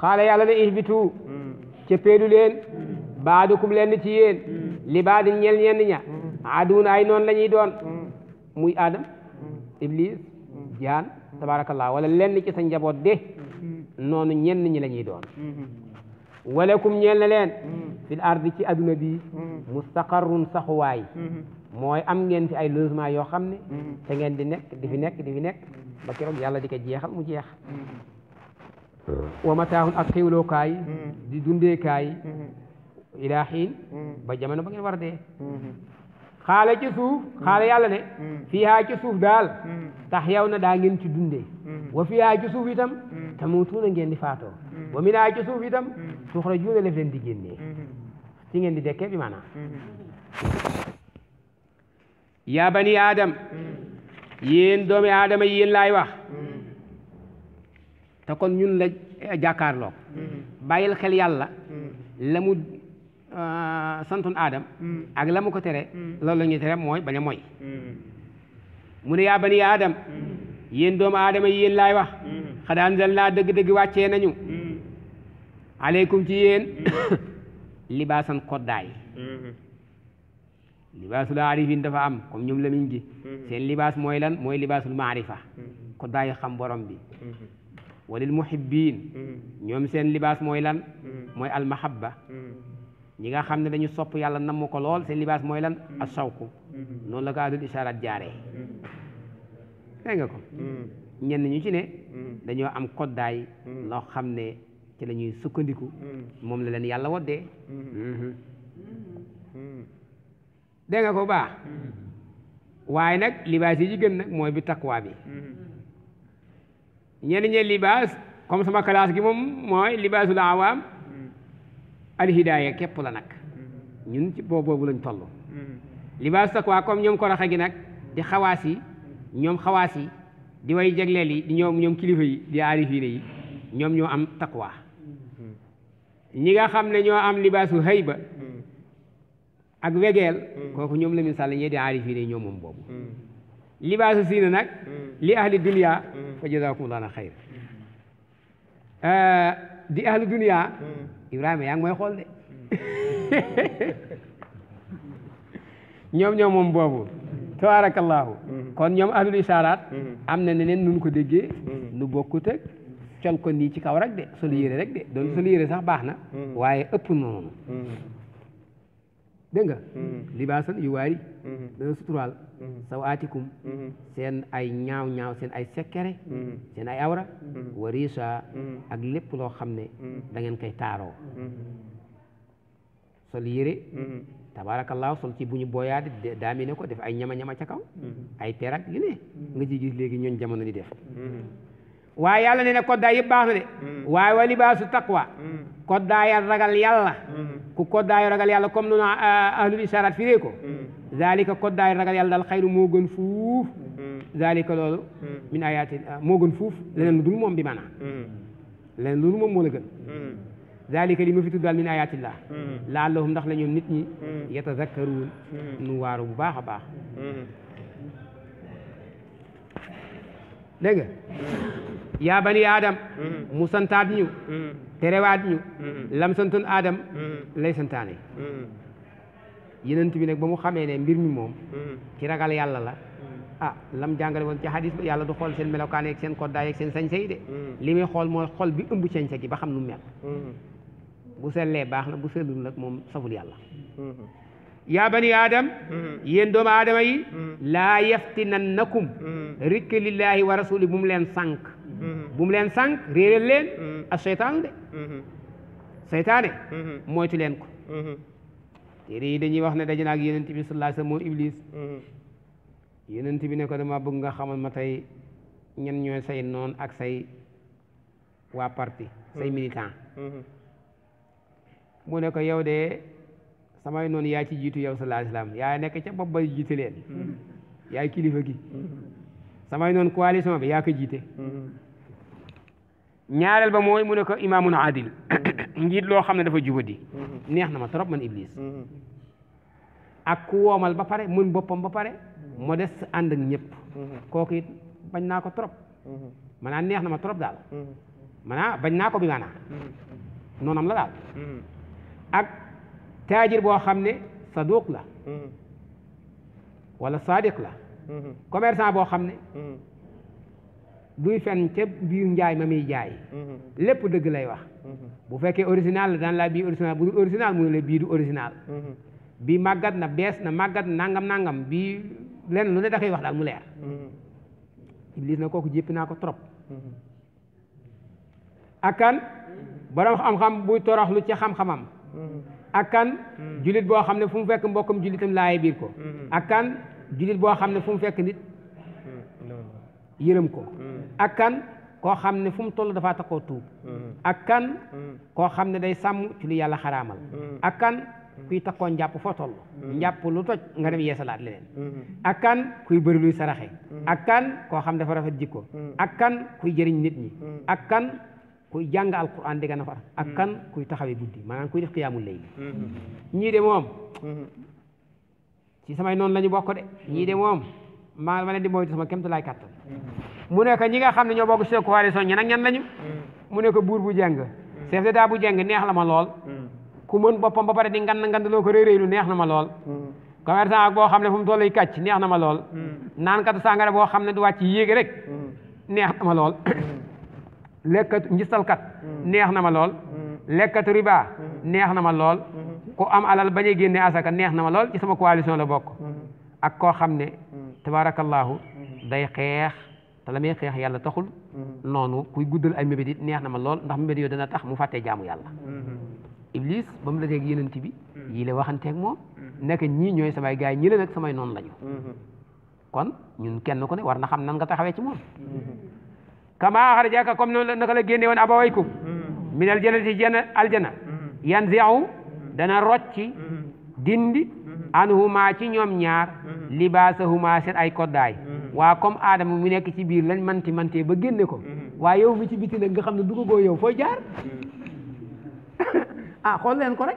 xaala yàlla ne ihbitu ca peedu leen baadukum lenn ci yéen li baadin ñel ña aduuna ay noonu la ñuy doon muy adam iblis jaan tabarakallah wala lenn ci sa njaboot de noonu ñenn ñi la ñuy doon walakum ñeel na leen fil ardi ci aduna bi mustaqarrun saxuwaay mooy am ngeen fi ay logement yoo xam ne te ngeen di nekk di fi nekk di fi nekk ba keroog yàlla di ko jeexal mu jeex Uh-huh. wa mataaxun ak xéwlookaay uh-huh. di dundeekaay uh-huh. ilaa xiin ba jamono ba ngeen war a dee xaale ci suuf xaale yàlla ne fiihaa daal tax yow na daa ngeen ci dundee wa fiihaa ci suuf itam tamutuuna ngeen di faato wa minhaa ci suuf itam tuxrajuuna lef leen ndi génnee ci ngeen di dekkee bi maanaam yaa bani aadam doomi aadama yéen laay wax te kon ñun la jàkkaarloog mm-hmm. bàyyil xel yàlla mm-hmm. la mu euh, santoon aadam mm-hmm. ak la mu ko tere loolu tere mooy bañ a mooy mu ne yaa bani yéen doomu aadama yi yéen laay wax xadaan zal naa dëgg-dëgg wàccee nañu aleykum ci yéen libaasan koddaay libaasul aarifin dafa am comme ñoom lamiñ gi seen libaas mooy lan mooy libaasul maarifa koddaayu xam borom bi walil muhibbiin mm. ñoom seen libaas mooy lan mm. mooy almahabba mm. ñi nga xam ne dañu sopp yàlla namm ko lool seen libaas mooy lan asawku noonu la ko adul ishaaraat jaaree dégg ko ñenn ñu ci ne dañoo am koddaay loo xam ne ci lañuy sukkandiku moom la leen yàlla woddee mm-hmm. dégg ko baax waaye nag libaas yi ci gën nag mooy bi taqwa ñenn ñi libaas comme sama kalaas gi moom mooy libaasu la awaam mm-hmm. alhidaaya képp la nag mm-hmm. ñun ci boobu boobu lañ toll mm-hmm. libaasu taqwa comme ñoom koraxe gi nag di xawaas yi ñoom xawaas yi di way jagleel yi di ñoom ñoom kilifa yi di aarifiine yi ñoom ñoo am taqwa ñi nga xam ne ñoo am libaasu hayba ak wegeel kooku ñoom la min sàll ñee di aarifiine yi ñoom moom boobu libaasu siina nag li ahli dunya fa jazaakumullaahu xayr di ahlu dunya Ibrahima yaa ngi mooy xool de ñoom ñoom moom boobu tabaarakallaahu kon ñoom ahlul isaaraat am na neneen nun ko déggee nu bokkut ak col ci kaw rek de sol yére rek de doon solu yére sax baax na waaye ëpp noonu dégg nga mm-hmm. libaasan yu waari mm-hmm. dana suturaal mm-hmm. saw seen ay ñaaw ñaaw seen ay sekkere seen ay awra wa ak lépp loo xam ne dangeen kay taaroo sol yére tabaarakallaahu sol ci bu booyaat booyaade daamine ko def ay ñama-ñama ca ay perak yu nga ci gis léegi ñooñ jamono di def waaye yàlla ne koddaay yëpp baax na de waaye wa libaasu taqwa koddaayal ragal yàlla ku koddaayu ragal yàlla comme noonu ah, ahlul isharat firee ko mm. zalika koddaayu ragal yàlla daal xayru moo gën fuuf mm. zalika loolu mm. min ayaati ah, moo gën fuuf leneen lu dul moom bi maanaam leneen lu dul moom moo la gën zalika li ma fi tuddal min ayatillah laallahum ndax la ñoom nit ñi yatazakkaruun nu waaru bu baax a baax dégg nga yaa bani aadam mu santaat ñu terewaat ñu mm-hmm. lam santoon aadam mm-hmm. lay santaane mm-hmm. yenent bi nag ba mu xamee ne mbir mi moom ci ragal yàlla la ah lam jàngale woon ci hadis ba yàlla du xool seen melokaan yeeg seen koddaay yeeg seen sañse yi de li muy xool mooy xol bi ëmb sañse gi ba xam nu mel bu sellee baax na bu sellul nag moom saful yàlla yaa bani aadam mm-hmm. yéen doomu aadama yi mm-hmm. laa yaftinannakum mm-hmm. rikki lillahi wa rasuli bu leen sànq bu leen sànq réeréel leen a seytaanu de seytaane moytu leen ko téere yi dañuy wax ne daje na ak yonent bi sallallahu alayhi wasallam moom iblis yonent bi ne ko dama bëgg nga xamoon ma tey ñen ñooy say noon ak say waa parti say militant mu ne ko yow de samay noonu yaa ci jiitu yow sallallahu alayhi wasallam yaa nekk ca bopp ba jiite leen mm-hmm. yaay kilifa gi mm-hmm. samay noonu coalition bi yaa ko jiite mm-hmm. ñaareel ba mooy mu ne ko imaamun adil njiit loo xam ne dafa di neex na ma trop man iblis ak ku woomal ba pare mun boppam ba pare modeste ànd ak ñëpp kooku it bañ naa ko trop maanaam neex na ma trop daal maanaam bañ naa ko bi maanaam la daal taajir boo xam ne saduq la mm-hmm. wala sadiq la mm-hmm. commerçant boo xam ne mm-hmm. duy fen ca biir njaay ma muy jaay lépp dëgg lay wax bu fekkee original la daan laa bii original bu dul original muy la bii du original bii màggat na bees na màggat na nangam nangam bii lenn lu ne da wax daal mu leer iblis na kooku jéppi naa ko trop akan borom xam-xam buy toroxlu ci xam-xamam ak kan hmm. jullit boo xam ne fu mu fekk mbokkam jullitam laay biir ko hmm. ak kan jullit boo xam ne fu mu fekk nit hmm. yërëm ko ak kan koo xam ne fu mu toll dafaa taxoo tuub ak kan koo xam ne day sàmm ci lu yàlla xaraamal ak kan kuy taxoo njàpp foo toll njàpp lu toj nga dem yeesalaat leneen ak kan kuy bëri luy saraxe ak kan koo xam dafa rafet jikko ak kan kuy jëriñ nit ñi kuy jàng alquran di nga nafar ak mm-hmm. kan kuy taxawee guddi maanaam kuy def qiyaamul layl mm-hmm. ñii de moom si mm-hmm. samay noonu la ñu bokk de ñii de moom maa ma leen di moytu sama kéem tolluwaay kàttan mu ne ko ñi nga xam ne ñoo bokk ci coalition ñi nag ñan ñu mu ne ko buur bu jàng chef d'état bu jàng neex la ma lool ku mën boppam ba pare di ngand loo ko réeréylu neex na ma lool commerçant ak boo xam ne fu mu tolluy kàcc neex na ma lool naan kat boo xam ne du wàcc yéegi rek neex na ma lool lekkatu njistalkat neex na ma lool lekkatu riba neex na ma lool ku am alal bañ a génne asaka neex na ma lool ci sama coalition la bokk ak koo xam ne tabaarakallaahu day xeex te la muy xeex yàlla taxul noonu kuy guddal ay mébét it neex na ma lool ndax mébét yoo dana tax mu fàttee jaamu yàlla iblis ba mu la teeg yenent bi yii la waxanteeg moom nekk ñii ñooy samay gaay ñi la samay noon lañu mm-hmm. kon ñun kenn ku ne war na xam nan nga taxawee ci moom kama xarajaka comme noonu naka la génne woon abawaykum mm-hmm. min aljannati janna aljanna mm-hmm. yanzi'u mm-hmm. dana rocci dindi anhuma ci ñoom ñaar libaasahuma seen ay koddaay waa comme aadama mu nekk ci biir lañ manti mantee ba génne ko waaye yow mi ci biti nag nga xam ne dugagoo yow fooy jaar ah xool leen ko rek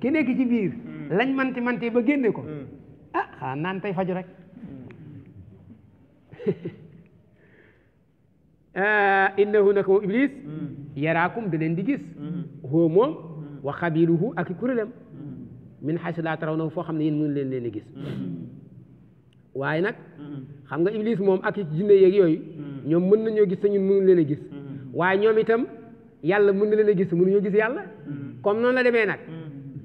ki nekk ci biir lañ manti mantee ba génne ko ah xanaa naan tey faju Eh, innahu naka moom iblis mm. yaraakum da leen di gis xoo mm. moom mm. wa xabiruhu ak i kurélam min xaysu laa tarawnahu foo xam ne yéen mënu leen leen di gis waaye nag xam nga iblis moom ak i jinne yeeg yooyu ñoom mën ñoo gis te ñun mënu leen a gis waaye ñoom itam yàlla mën na leen a gis mënuñoo gis yàlla comme noonu la demee nag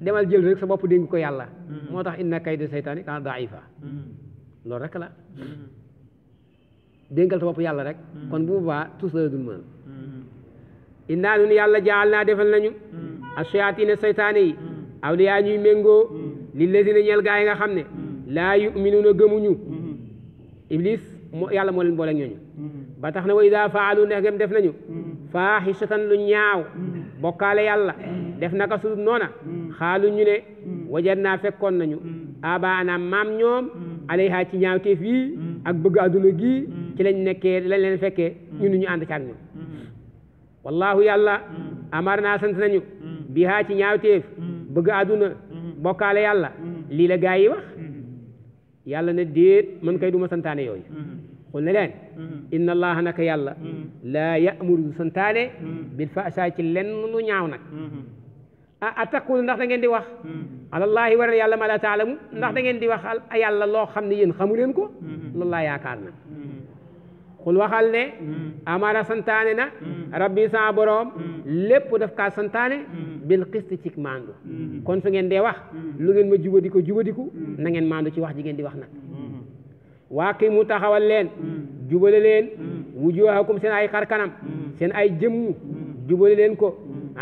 demal jël rek sa bopp dénk ko yàlla moo tax inna kayda seytaani kaana daifa loolu rek la dénkal sa yàlla rek hmm. kon bu boobaa tous la dul mën hmm. innaa yàlla jaal naa defal nañu hmm. ashayaatiina saytaane yi awliyaa ñuy méngoo lillazina ñeel gaa yi nga xam ne laa yuminuuna gëmuñu iblis yàlla moo leen booleeg ñooñu ba tax na wa idaa faalu ndegem def nañu faaxisatan lu ñaaw bokkaale yàlla def naka su noona xaalu ne wajat naa fekkoon nañu abaana maam ñoom alayha ci ñaaw teef yii ak bëgg àdduna gii ci lañ nekkee lañ leen fekkee ñun ñu ànd a ak ñun wallaahu yàlla amar naa sant nañu bihaa ci ñaawteef bëgg àdduna bokkaale yàlla lii la gaa yi wax yàlla ne déet man kay duma santaane yooyu xul leen inna allaha naka yàlla laa ya'muru du santaane bil fahshaa ci lenn lu ñaaw nag ah attaqul ndax da ngeen di wax alallaahi waral yàlla ma la taalamu ndax da ngeen di wax yàlla loo xam ne yéen xamu leen ko loolu laa yaakaar na xul waxal ne mm. amara santaane na mm. rabbi sa boroom mm. lépp def kaa santaane bil xist ci maandu kon su ngeen dee wax lu ngeen ma jubadiku jubadiku na ngeen maandu ci wax ji ngeen di wax nag waa kii mu taxawal leen jubale leen wujuhakum seen ay xar kanam seen ay jëmm jubale leen ko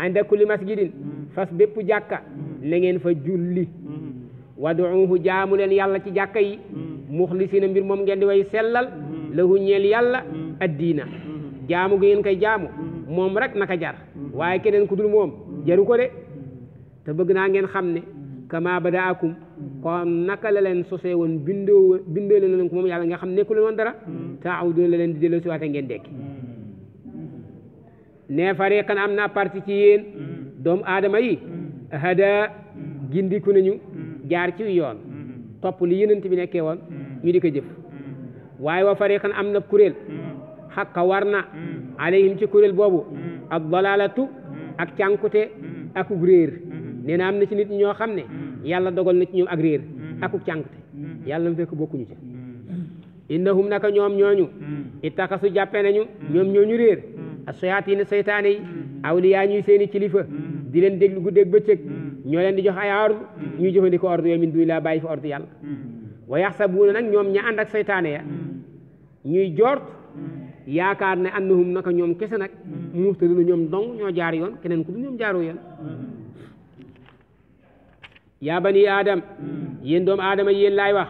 inda kulli masjidin fas bépp jàkka na ngeen fa julli waduuhu jaamu leen yàlla ci jàkka yi muxlisina mbir moom ngeen di way sellal lahu ñeel yàlla mm. addiina mm. jaamu gi ngeen koy jaamu mm. moom rek naka jar waaye keneen ku dul moom jaru ko de te bëgg naa ngeen xam ne kama badaakum kon naka la leen sosee woon bindoo bindoo leen leen ko moom yàlla nga xam nekkul woon la leen di delloo si waate ngeen dekki ne fariqan am naa parti ci yéen doomu aadama yi hada gindiku nañu jaar ci yoon topp li yënant bi nekkee woon ñu di ko jëf waaye wa fariqan am na kuréel xakka mm. war na mm. alayhim ci kuréel boobu mm. ak dalalatu ak cànkute akuk réer nee na am na ci nit ñoo xam ne yàlla dogal na ci ñoom ak réer akuk cànkute yàlla mu fekk bokkuñu ci innahum naka ñoom ñooñu ittaxasu jàppe nañu ñoom ñooñu réer asayaatina saytaane yi awliyaa ñuy seeni kilifa di leen déglu guddeeg bëccëg ñoo leen di jox ay ordre ñu jëfandikoo ordre yooyu min duy laa bàyyi fi ordre yàlla wa yaxsabuuna nag ñoom ña ànd ak saytaane ñuy joort mm. yaakaar ne annahum naka ñoom kese nag muhtaduna mm. ñoom dong ñoo jaar yoon keneen ku du ñoom jaaru yoon mm. yaa bani aadam yéen doomu aadama yéen laay wax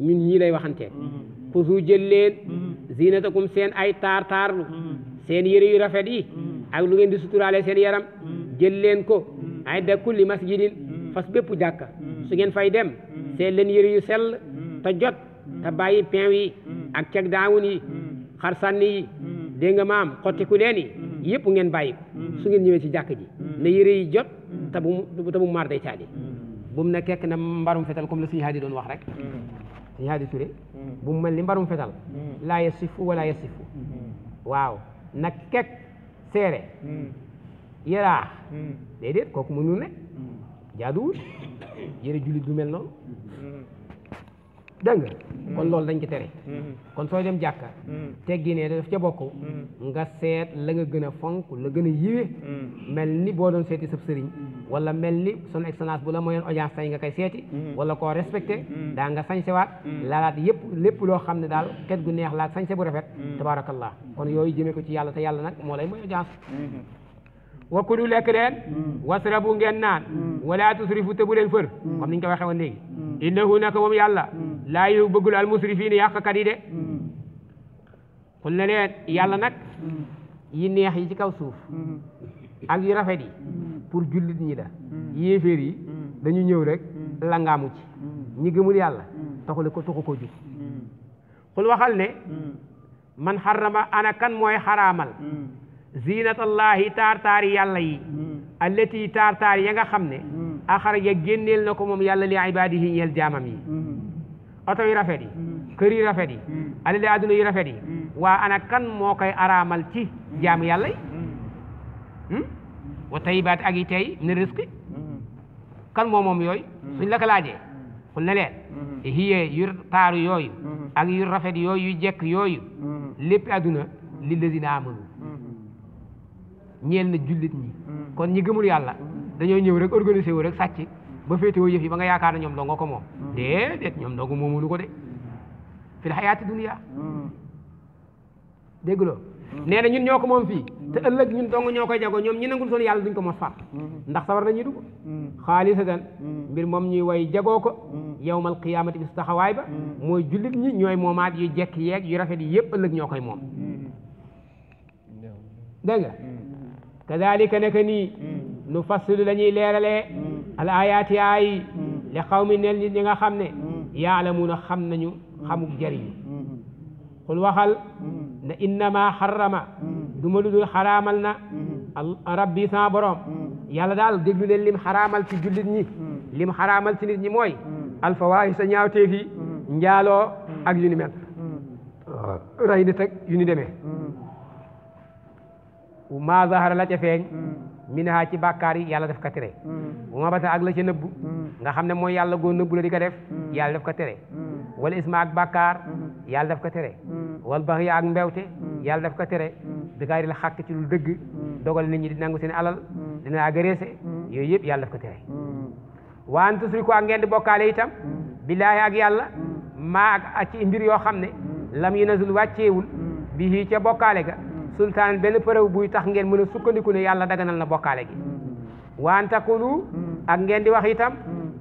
ñun ñii lay waxantee xusu jël leen zinatakum seen ay taar taarlu seen yére yu rafet yi ak lu ngeen di suturaale seen yaram jël leen ko ay da kulli masjidin fas bépp jàkka su ngeen fay dem seen leen yére yu sell te jot te bàyyi peew yi ak ceg daawun yi hmm. xar sànni yi hmm. dégg nga maam hmm. xottiku leen yi yëpp ngeen bàyyi su ngeen ñëwee ci jàkk ji na yére yi jot te bu te bu maar caadi bu mu ne kekk na mbarum fetal comme la suñu haadi doon wax rek suñu haadi turé bu mu mel ni mbarum fetal laa yasifu wala yasifu waaw na kekk seere yaraax déedéet kooku mu ñu ne jaaduwul yére jullit du mel noonu dégg nga mm-hmm. kon loolu dañ ci tere mm-hmm. kon sooy dem jàkka mm-hmm. da def ca bokk nga seet la nga gën a fonk la gën a yiwe mel ni boo doon seeti sab sëriñ wala mel ni son excellence bu la mayoon audience tey nga koy seeti wala koo respecté daa nga sañsewaat laalaat yëpp lépp loo xam ne daal xet gu neex laak sañse bu rafet tabaarakallah kon yooyu jëmee ko ci yàlla te yàlla nag moo lay may audience wa kulu lekk leen mm. wasrabu ngeen naan mm. wala tusrifu te bu leen fër mm. comme niñ ko waxee woon léegi innahu naka moom yàlla laa yu bëggul al musrifiin yàqkat yi de xul na leen yàlla nag yi neex yi ci kaw suuf ak yu rafet yi pour jullit ñi la yéeféer yi dañu ñëw rek langaamu ci ñi gëmul yàlla taxule ko taxu ko jub waxal ne man xarama ana kan mooy xaraamal ziinatallahi taar taari yàlla yi hmm. allati taar taar ya nga xam ne hmm. axaraja génneel na ko moom yàlla li ibaadihi ñeel jaamam yi hmm. oto yi rafet yi kër yi rafet yi alali adduna yi rafet yi waa ana kan moo koy araamal ci jaam yàlla yi wa tayibaat ak yi tey ne kan moo moom yooyu suñ la ko laajee xul hiya yu taaru yooyu ak yu rafet yooyu yu jekk yooyu lépp adduna lillazina amanu ñeel na jullit ñi mm. kon ñi gëmul yàlla mm. dañoo ñëw rek organisé wu rek sàcc ba féetewoo yëf yi ba nga yaakaar ne ñoom dongo ko moom mm. déedéet ñoom dongo moomulu ko de fil xayaati dunia dégg loo nee na ñun ko moom fii te ëllëg ñun dong ñoo koy jagoo ñoom ñi nangul soon yàlla duñ ko mos far ndax sawar nañuy dugg xaalisatan mbir moom ñuy way jagoo ko yawmal qiyaamati bis taxawaay ba mooy jullit ñi ñooy moomaat yu jekk yeeg yu rafet yi yëpp ëllëg ñoo koy moom dégg kadalika naka nii mm. nu fassilu dañuy leeralee mm. al ayaati aay mm. li xawmi neel nit ñi nga xam ne yaalamuuna xam nañu xamuk jëriñu xul mm-hmm. waxal na innama xarama du ma ludul xaraamal na mm-hmm. rabbi sama borom yàlla daal déglu leen lim xaraamal ci jullit ñi lim xaraamal ci nit ñi mooy alfawaahisa ñaawteef yi njaaloo ak yu ni mel rey nit ak yu ni demee wa maa zahara la ca feeñ hmm. minha ci bàkkaar yi yàlla def ko tere hmm. wa ma ak la ca nëbbu hmm. nga xam ne mooy yàlla goo nëbbu la di ko def yàlla daf ko tere wala isma ak yàlla daf ko tere wal baxi ak mbewte yàlla def ko tere bi kaay di la xàkk ci lu dëgg dogal nit ñi di nangu seen alal dina yooyu yëpp yàlla ko tere waan tusriku ak ngeen di bokkaale itam billaahi ak yàlla maa ak ci mbir yoo xam ne lam yu nazul wàccewul bi hii ca bokkaale ga sultaan benn preuve buy tax ngeen mën a sukkandiku ne yàlla daganal na bokkaale gi waan takulu ak ngeen di wax itam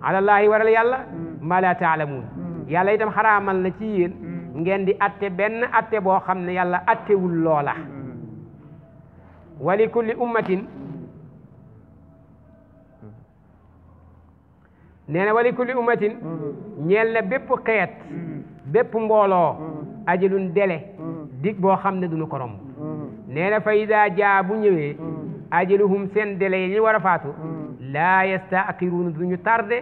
alallaahi waral yàlla ma la taalamuun yàlla itam xaraamal na ci yéen ngeen di atte benn atte boo xam ne yàlla attewul loola wali kulli ummatin nee na wali kulli ummatin ñeel na bépp xeet bépp mbooloo ajalun dele dig boo xam ne duñu ko romb nee na fa ida jaa bu ñëwee mm. ajaluhum seen délai war a faatu mm. laa yastaaxiruuna du ñu tardé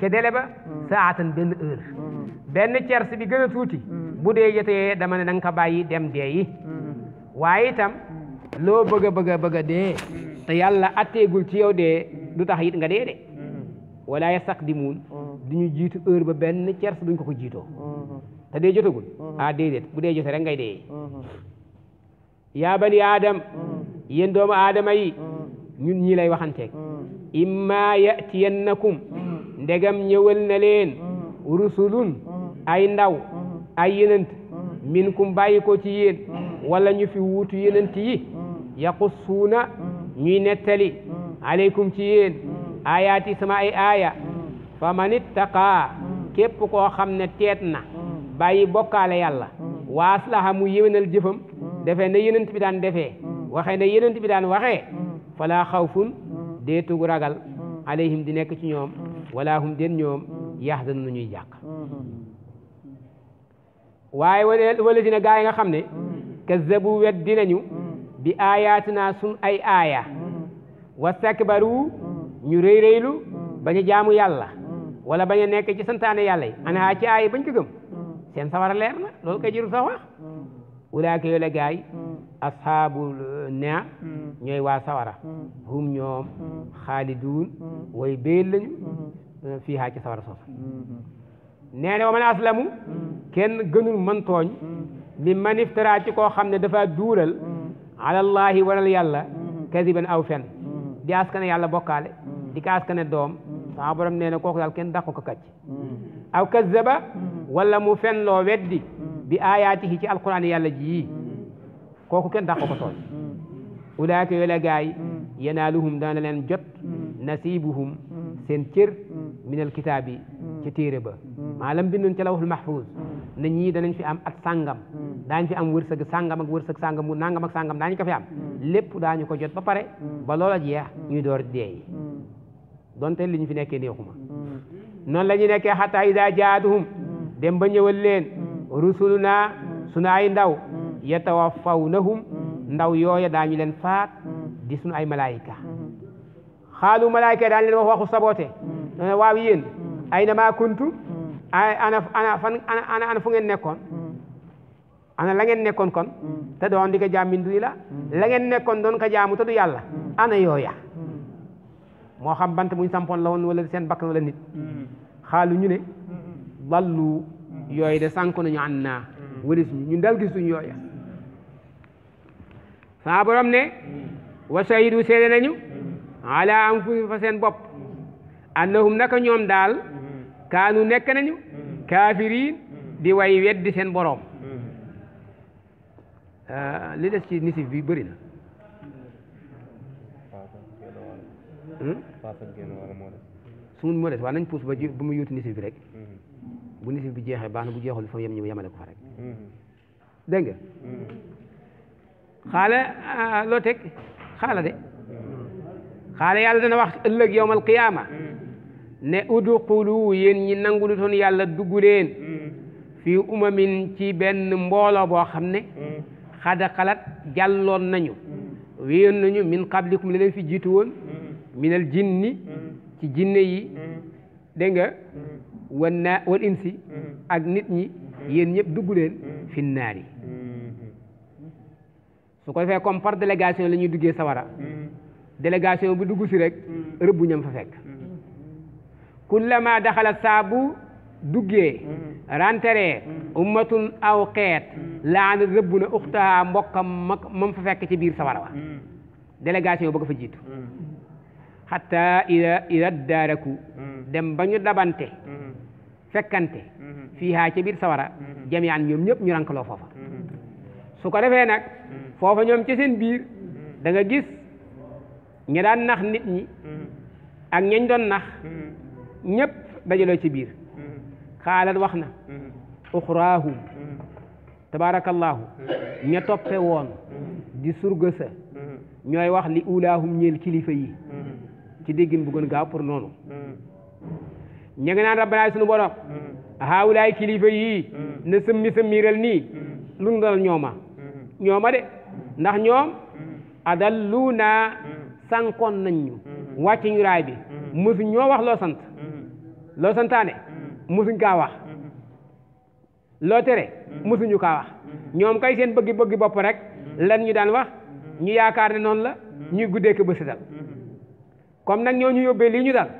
ke mm. délai ba saatan benn heure benn cerse bi gën a tuuti bu dee jotee dama ne da nga ko bàyyi dem dee yi waaye itam loo bëgg a bëgg a bëgg a dee te yàlla atteegul ci yow dee du tax it nga dee de wala yastaqdimuun du ñu jiitu heure ba benn cerse duñ ko ko jiitoo te dee jotagul ah déedéet bu dee jotee rek ngay dee yaa bani aadam mm. yéen doomu aadama yi mm. ñun ñii lay waxanteeg mm. imma yatiyannakum ndegam ñëwal na leen rusulun ay ndaw ay min minkum bàyyi ko ci yéen wala ñu fi wuutu yenant yi suuna ñuy nettali aleykum ci yéen ayaati sama ay aaya fa man ittaqaa képp koo xam ne teet na bàyyi bokkaale yàlla wa aslaha mu jëfam defee na yenent bi daan defee mm. waxee ne yenent bi daan waxee mm. falaa xawfun mm. deetug ragal alayhim di nekk ci ñoom wala hum den ñoom yaxzanu nu ñuy jàq mm-hmm. waaye wala dina gaa yi nga xam ne kazzabu wet dinañu bi naa sun ay aaya wastakbaru ñu rëy rëylu bañ jaamu yàlla wala bañ a nekk ci santaane yàlla yi ana ci aaya bañ ko gëm seen sawara leer na loolu kay jëru wax ulaaka yoola gaay mm. ashaabul euh, naa mm. ñooy waa sawara mm. hum ñoom xaaliduun way béel lañu mm-hmm. euh, fii haa sawara soosu mm-hmm. nee wa man aslamu kenn gënul mantooñ tooñ mi man ci koo xam ne dafa duural alallaahi waral yàlla mm-hmm. kadiban aw fen di askane yàlla bokkaale di ko askane doom sama borom nee na kooku daal kenn dàqu ko kacc aw kazzaba wala mu fen loo weddi bi aayaatihi ci alquran yàlla ji kooku kenn dàq ko tooñ ulaaka yoola gaay yanaaluhum daana leen jot nasiibuhum seen cër minal kitaab yi ca téere ba maalam bindoon ca lawhul mahfuz na ñii danañ fi am at sàngam daañ fi am wërsëg sàngam ak wërsëg sàngam mu nangam ak sàngam daañ ko fi am lépp daañu ko jot ba pare ba loola jeex ñuy door deey donte li ñu fi nekkee neexuma noonu la ñu nekkee xataa idaa jaatuhum dem ba ñëwal leen rusuluna mm. sunu ay ndaw mm. yatawafawnahum mm. ndaw yooya daañu leen faat di sunu ay malayka xaalu malaayika daañu leen wax waxu saboté dana waaw yéen ay na maa kuntu ana ana fan fu ngeen nekkoon ana la ngeen nekkoon kon te doon di ko jaam min duyi la la nekkoon doon ko jaamu te du yàlla ana yooya moo xam bant muñ sampoon la woon wala seen bakkan wala nit xaalu ñu ne ballu yooyu de sànku nañu an naa mm. wëris ñu ñun dal gisuñ yooya saa borom ne wa shahidu seede nañu mm. ala anfusihim fa seen bopp mm. annahum naka ñoom daal kaanu nekk nañu kaafiriin di way weddi seen boroom ah, li des ci nisif bi bëri na hmm? nañ puus ba ba mu yuuti nisif bi rek bu nisif bi jeexee baax na bu jeexul fa yem ñu yemale ko fa rek mm-hmm. dégg nga mm-hmm. ah, loo teg xaala de mm-hmm. xaala yàlla dana wax ëllëg yowmal qiyaama ne udxulu yéen ñi nangulu toon yàlla dugg leen fii umamin ci benn mbooloo boo xam ne xada xalat jàlloon nañu wéyoon nañu min qablikum li fi jiitu woon minal jinni ci jinne yi dégg wan naa wal insi mm-hmm. ak nit ñi mm-hmm. yéen ñëpp dugg leen mm-hmm. fi yi su ko defee comme par délégation la duggee sawara délégation bu dugg si rek rëbbu ñam fa fekk kullama daxala saabu duggee renteree ummatun aw xeet laana rëbb na uxtaha mbokkam mag mam fa fekk ci biir sawara wa délégation bëgg fa jiitu xatta ila ila daaraku dem ba ñu dabante fekkante mhm. fiihaa ci biir sawara mhm. jami'an ñoom ñëpp ñu rankaloo foofa mhm. su ko defee nag foofa ñoom ci seen biir da gis ña daan nax nit ñi ak ñañ doon nax ñëpp dajaloo ci biir xaalat wax na uxraahum tabaarakallaahu ña toppe woon di surga sa ñooy wax li ulaahum ñeel kilifa yi ci déggin bu gaaw pour noonu ña nga naan rabbana sunu borom mm-hmm. haawulaay kilifa yii mm-hmm. na sëmmi sëmmiiral nii mm-hmm. lu nu dal ñooma ñooma de ndax ñoom adallu naa sànkoon nañ ñu ñu raay bi mosuñ ñoo wax loo sant loo santaane mosuñ kaa wax loo tere mosuñu kaa wax ñoom kay seen bëggi bëggi bopp rek lan ñu daan wax ñu yaakaar ne noonu la ñuy guddee ko ba setal comme nag ñoo ñu yóbbee lii ñu dal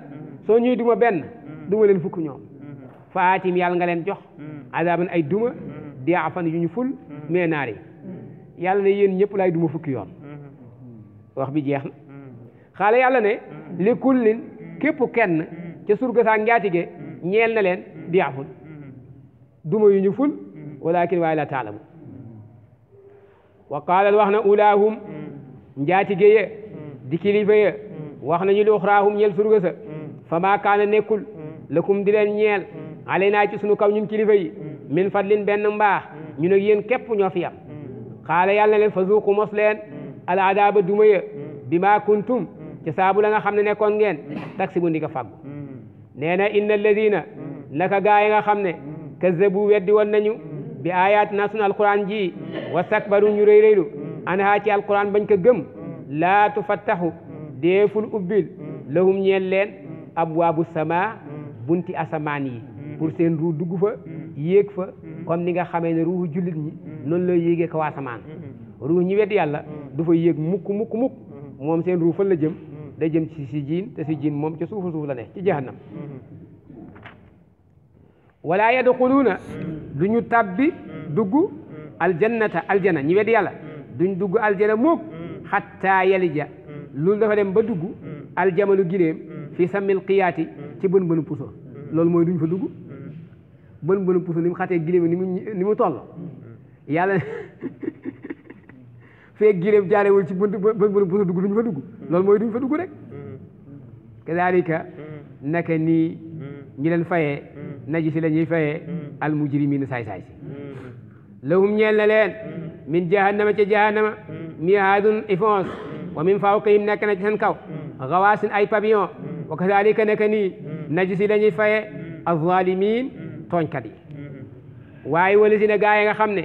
soo ñuy duma benn Mm-hmm. duma leen fukk ñoom mm-hmm. faatim yàlla nga leen jox mm-hmm. azaban ay duma diafan yu ñu ful mais naar yi yàlla ne yéen ñëpp laay duma fukki yoon wax bi jeex na xaale yàlla ne li kullin képp kenn ca surga saa njaatige ñeel na leen diafun duma yu ñu ful walakin waaye la taalamu wa qaalal wax na ulaahum njaatige ya di kilifa ya wax nañu li uxraahum ñeel surga sa fa kaana nekkul lakum di leen ñeel mm. alay naa ci sunu kaw ñun kilifa yi mm. min fadlin benn mbaax mm. ñu ne yéen képp ñoo fi yam xaala yàlla na leen fa zuuqu mos leen al adaaba duma ya bi maa kuntum ci saabu la nga xam ne nekkoon ngeen taksi bu ndi ko fàggu nee na inna alladina naka gaa yi nga xam ne kazzabu weddi woon nañu bi ayatina sunu alquran ji wastakbaru ñu rëy rëylu anhaa ci alquran bañ ko gëm fa taxu deeful ubbil lahum ñeel leen abwaabu sama bunti asamaan yi mm. pour seen ruu dugg fa mm. yéeg fa mm. comme ni nga xamee ne ruuhu jullit ñi noonu lay yéegee kaw asamaan ruuh ñi wet yàlla du fa yéeg mukk mukk mukk moom seen ruuh fan la jëm day jëm ci si jiin te si jiin moom ca suufa suuf la ne ci jahannam wala yadxuluuna du ñu tabbi dugg aljannata aljana ñi wet yàlla duñ dugg aljana mukk xattaa yalija loolu dafa dem ba dugg aljamalu giléem fi sammil qiyaati ci bën bënu puso loolu mooy duñ fa dugg bën bënu puso ni mu xatee gileem ni mu ni mu tollo yàlla fee gileem jaarewul ci bën bën bënu puso dugg duñ fa dugg loolu mooy duñ fa dugg rek kadaalika naka nii ñi leen fayee naji si la ñuy fayee al mujrimiin saay saay si lahum ñeel na leen min jahannama ca jahannama mihaadun ifonce wa min fawqihim nekk na ci seen kaw xawaasin ay pavillon wa kazalika naka nii najzi la ñuy faye azalimin tooñkat yi waaye wala si ne gaa yi nga xam ne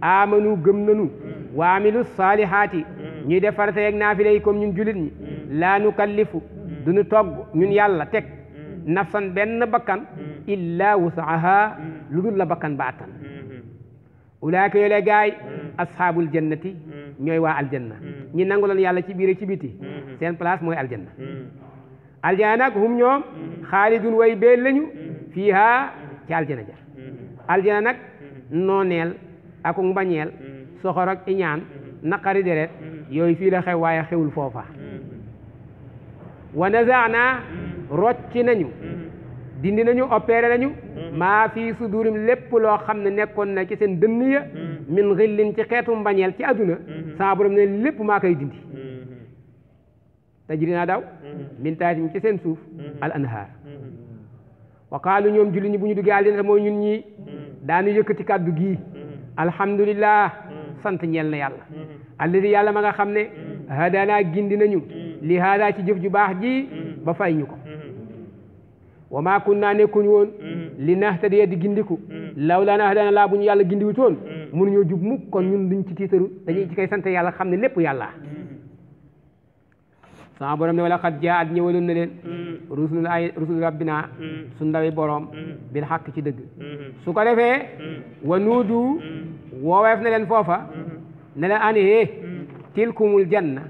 amanu gëm nanu waamilu saalihaati ñuy defar tey ak naafila yi comme ñun julit ñi laa nu kallifu du nu togg ñun yàlla teg nafsan benn bakkan illa wusaha lu dul la bakkan ba attan ulaaka yoolee gaay ashaabul jannati ñooy waa aljanna ñi nangu loon yàlla ci biir ci biti seen place mooy aljanna aljana nag hum ñoom xaalidun way beel lañu fiiha ci aljana jar aljana nag nooneel ak mbañeel soxor ak iñaan naqari deret yooyu fii la xew waaye xewul foofa wa nazaana rocci nañu dindi nañu opéré nañu maa fii sudurim lépp loo xam ne nekkoon na ci seen dënn ya min xillin ci xeetu mbañeel ci àdduna saa borom ne lépp maa koy dindi tajri naa daaw mm-hmm. min taatiim ci seen suuf mm-hmm. al anhaar mm-hmm. wa qaalu ñoom julli ñi bu ñu duggee àljanna mooy ñun ñi daanu yëkkati kàddu gii alhamdulillah sant ñel na yàlla alladi yàlla ma nga xam ne hadanaa gindi nañu li haada ci jëf ju baax ji ba fay ñu ko wa maa kunnaa nekkuñ woon li nahtadiya di gindiku lawlaa an hadanaa laa bu ñu yàlla gindiwutoon mënuñoo jub mukk kon ñun duñ ci tiitaru dañuy ci koy sant yàlla xam ne lépp yàlla sama borom ne wala xat jaat ñëwaloon na leen rusul ay rusul rabbina su ndawi borom bil xàq ci dëgg su ko defee wa nuudu wooweef na leen foofa ne leen ani hee tilkumul janna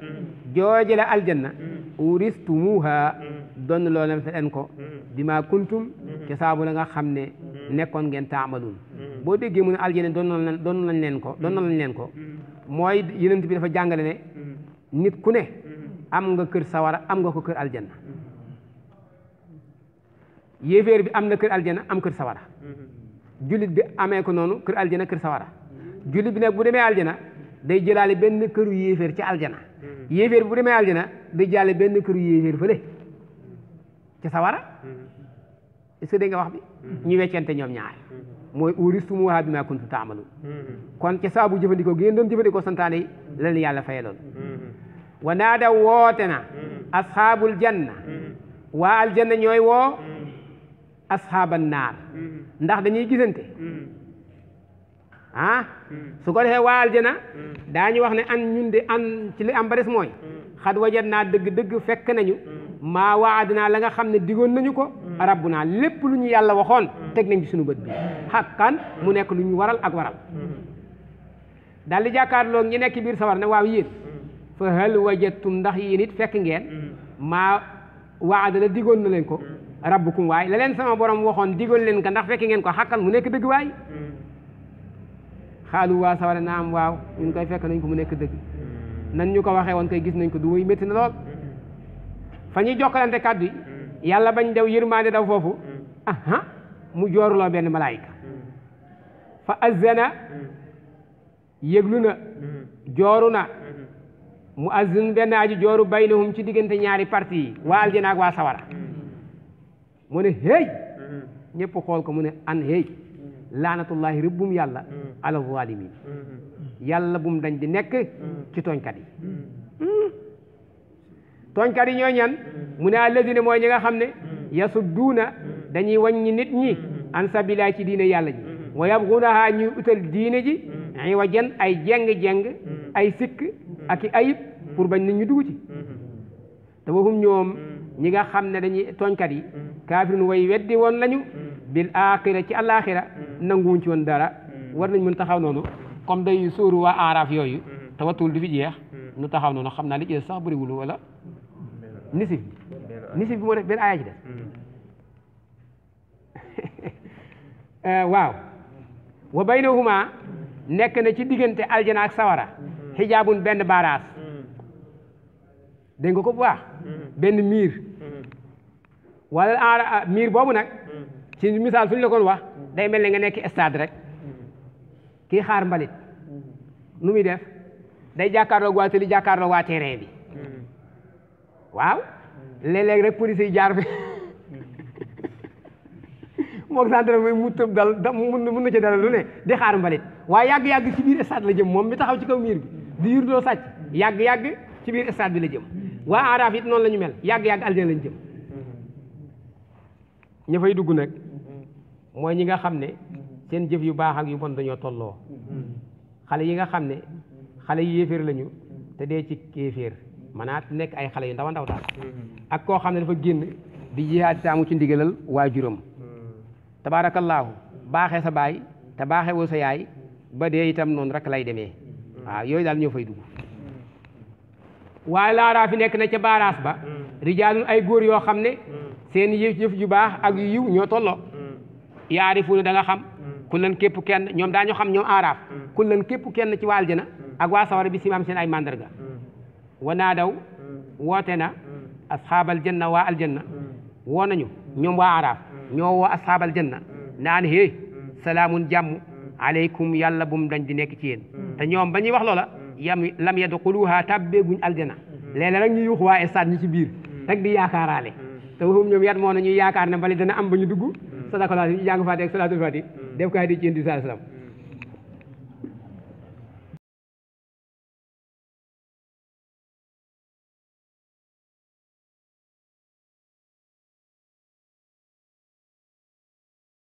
jooje la aljanna uristumuha donn loo leen leen ko bi ma kuntum ci saabu la nga xam ne nekkoon ngeen taamaluun boo déggee mu ne aljanna donn lañ leen ko donn lañ leen ko mooy yenent bi dafa jàngale ne nit ku ne am nga kër sawara am nga ko kër aljanna yéeféer bi am na kër aljana am kër sawara jullit bi amee ko noonu kër aljanna kër sawara jullit bi nag bu demee aljana day jëlaale benn këru yéeféer ci aljana yéeféer bi bu demee aljana day jaale benn këru yéeféer fële ci sawara est que dégg nga wax bi ñu weccante ñoom ñaar mooy uristumuha bimaa kuntum taamaluun hmm. kon ca saabu jëfandikoo génn ngeen doon jëfandikoo santaane yi la leen yàlla fayaloon wa naada woote na mm. asxaabul janna mm. waa aljanna ñooy woo mm. asxaaban naar ndax dañuy gisante ah su ko defee waa daa daañu wax ne an ñun de an ci li am ba des mooy xad wajat naa dëgg-dëgg fekk nañu maa waadnaa la nga xam ne digoon nañu ko rabbu naa lépp lu ñu yàlla waxoon teg nañ sunu bët bi xàkkan mu nekk lu ñu waral ak waral daal di jàkkaarloo ñi nekk biir sawar na waaw yéen fa hal wajadtum ndax yéen it fekk ngeen mm. maa waada la digoon na leen ko mm. rabbukum waay la leen sama borom waxoon digoon leen ko ndax fekk ngeen ko xàqan mu nekk dëgg waay mm. xaalu waa sawara naam waaw ñun koy fekk nañ ko mu nekk dëgg nan ñu ko waxee woon kay gis nañ ko du muy métti na lool fa ñu jokkalante kàddu yàlla bañ daw yërmaande daw foofu mu mu jooruloo benn malaayika fa azana yëglu na jooru na mu azzin benn aji jooru baynahum ci diggante ñaari parti yi waa aljana ak waa sawara mm-hmm. mu ne hey mm-hmm. ñëpp xool ko mu ne an hey mm-hmm. laanatullahi rëbbum yàlla ala zalimin yàlla bum dañ di nekk ci tooñkat yi tooñkat yi ñoo ñan mu ne alladina mooy ñi nga xam ne yasudduuna dañuy wañ ñi nit ñi an sabilaay ci diine yàlla ji wa yabgunaha ñuy utal diine ji ay wajan ay jeng-jeng ay sikk ak i ayib pour bañ nit ñu dugg ci te waxum ñoom ñi nga xam ne dañuy tooñkat yi kaafirun way weddi woon lañu bil aaxira ci alaaxira nanguwuñ ci woon dara war nañ mun taxaw noonu comme day sóoru waa aaraaf yooyu te watul du fi jeex nu taxaw noonu xam naa li ci des sax bëriwul wala nisif nisif bi moo def benn aaya ci def eh, waaw wa baynahuma nekk na ci diggante aljana ak sawara xijaabun hmm. benn baaraas hmm. dégg nga ko bu baax hmm. benn miir wala en ah, miir boobu nag ci misaal suñ la wax day mel ne nga nekk stade rek kii xaar mbalit nu muy def day jàkkaarloo waa tali jàkkaarloo waa terrain bi waaw léeg-léeg rek police yi jaar fi moom gendarme bi mu tëb mun na ci dal lu ne di yàgg-yàgg ci biir la jëm moom mi taxaw ci kaw miir bi di yurdoo sàcc yàgg-yàgg ci biir stade bi la jëm waa aaraaf it noonu la ñu mel yàgg-yàgg aljana lañu jëm ña fay dugg nag mooy ñi nga xam ne seen jëf yu baax yu bon dañoo tolloo xale yi nga xam ne xale yu yéeféer lañu te dee ci kéeféer maanaam nekk ay xale yu ndaw ndaw daal ak koo xam ne dafa génn di jihaad taamu ci ndigalal waajuram tabaarakallaahu baaxee sa baay te baaxee woo sa yaay ba dee itam noonu rek lay demee waaw yooyu daal ñoo fay dugg waaye laaraa fi nekk na ca baaraas ba mm. rijaalun ay góor yoo xam ne mm. seen yëf yëf ju baax ak yu yiw ñoo tolloo mm. yaarifuuna da nga xam kullan képp kenn ñoom daañu xam ñoom aaraaf kullan képp kenn ci waal jëna ak waa sawara bi si seen ay mandarga wanaa daw woote na asxaab aljanna waa aljanna woo nañu ñoom waa aaraaf ñoo woo asxaab aljanna naan hee salaamun jàmm aleykum yàlla bu mu dañ di nekk ci yéen hmm. te ñoom ba ñuy wax loola hmm. yam lam yadxuluha tàbbeeguñ aljana hmm. léeg-léeg nag ñu yuux waa stade ñi ci biir rek di yaakaaraale te waxum ñoom yat moo na ñuy yaakaar ne bale dana am ba ñu dugg sadaqallah ñu jàng faati ak salaatul faati def kaay di ci yéen di saa salaam